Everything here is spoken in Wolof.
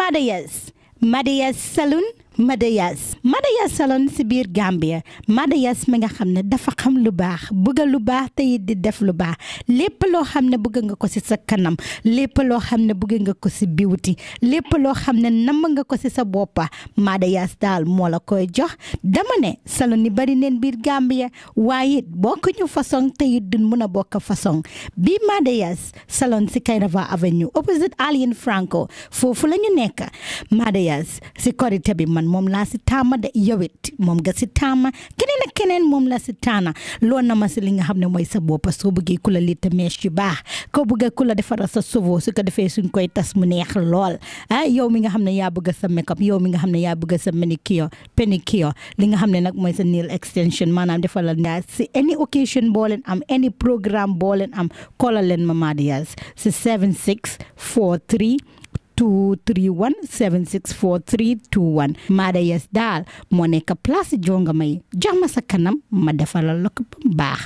Madayas, Madayas Saloon, Madayas Madayas salon ci bir Gambia Madayas mi nga xamne dafa xam lu bax bëgg lu bax tay di def lu bax lepp lo xamne bëgg nga ko si sa kanam lepp lo xamne bëgg nga ko si biwuti lepp lo xamne nam nga ko si sa Madayas dal mo la koy jox dama ne salon ni bari neen bir Gambia waye it ñu façon tay it mëna bokk façon bi Madayas salon ci Kayrava Avenue opposite Alien Franco fofu lañu nekk Madayas si corridor bi man moom laa si taama de yow moom nga si taama keneen ak keneen moom la si taana lool na ma si li nga xam ne mooy sa boppa soo bëggee ku la liita mees yu baax koo bëggee ku la sa cheveux su ko defee suñ koy tas mu neex lool ah yow mi nga xam ne yaa bëgg sa makeup yow mi nga xam ne yaa bëgg sa manicure pédicure li nga xam ne nag mooy sa nail extension maanaam defalal ndaa si any occasion boo leen am any programme boo leen am koolal leen Mama Diaz si 7643 231 764321 Maada Yes daal moo nekk place jongama yi jox ma sa kanam ma defalal la ko baax